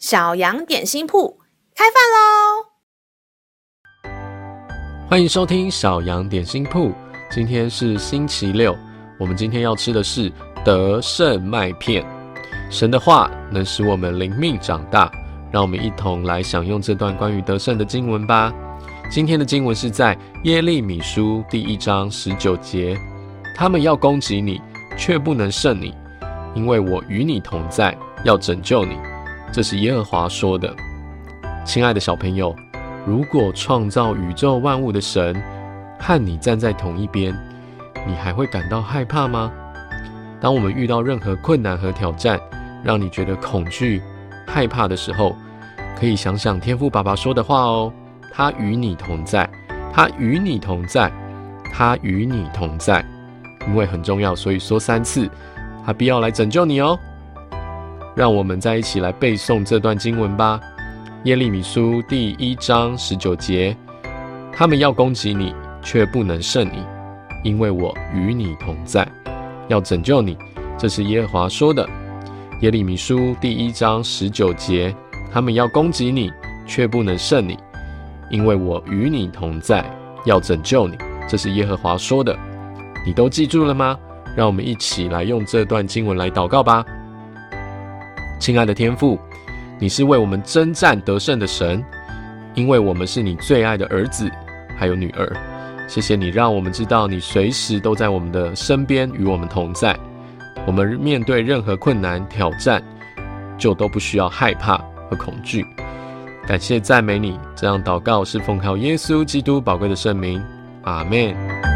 小羊點心鋪開飯嘍！歡迎收聽小羊點心鋪。今天是星期六，我們今天要吃的是得勝麥片。神的話能使我們靈命長大，讓我們一同來享用這段關於得勝的經文吧。今天的經文是在耶利米書第一章十九節。他們要攻擊你，卻不能勝你，因為我與你同在，要拯救你。這是耶和華說的，親愛的小朋友，如果創造宇宙萬物的神和你站在同一邊，你還會感到害怕嗎？當我們遇到任何困難和挑戰，讓你覺得恐懼、害怕的時候，可以想想天父爸爸說的話哦，他與你同在，他與你同在，他與你同在，因為很重要，所以說三次，他必要來拯救你哦。讓我們再一起來背誦這段經文吧，《耶利米書》第一章十九節：“他們要攻擊你，卻不能勝你，因為我與你同在，要拯救你。”這是耶和華說的。《耶利米書》第一章十九節：“他們要攻擊你，卻不能勝你，因為我與你同在，要拯救你。”這是耶和華說的。你都記住了嗎？讓我們一起來用這段經文來禱告吧。親愛的天父，你是為我們征戰得勝的神，因為我們是你最愛的兒子，還有女兒。謝謝你讓我們知道你隨時都在我們的身邊與我們同在，我們面對任何困難挑戰，就都不需要害怕和恐懼。感謝讚美你，這樣禱告是奉靠耶穌基督寶貴的聖名。阿門。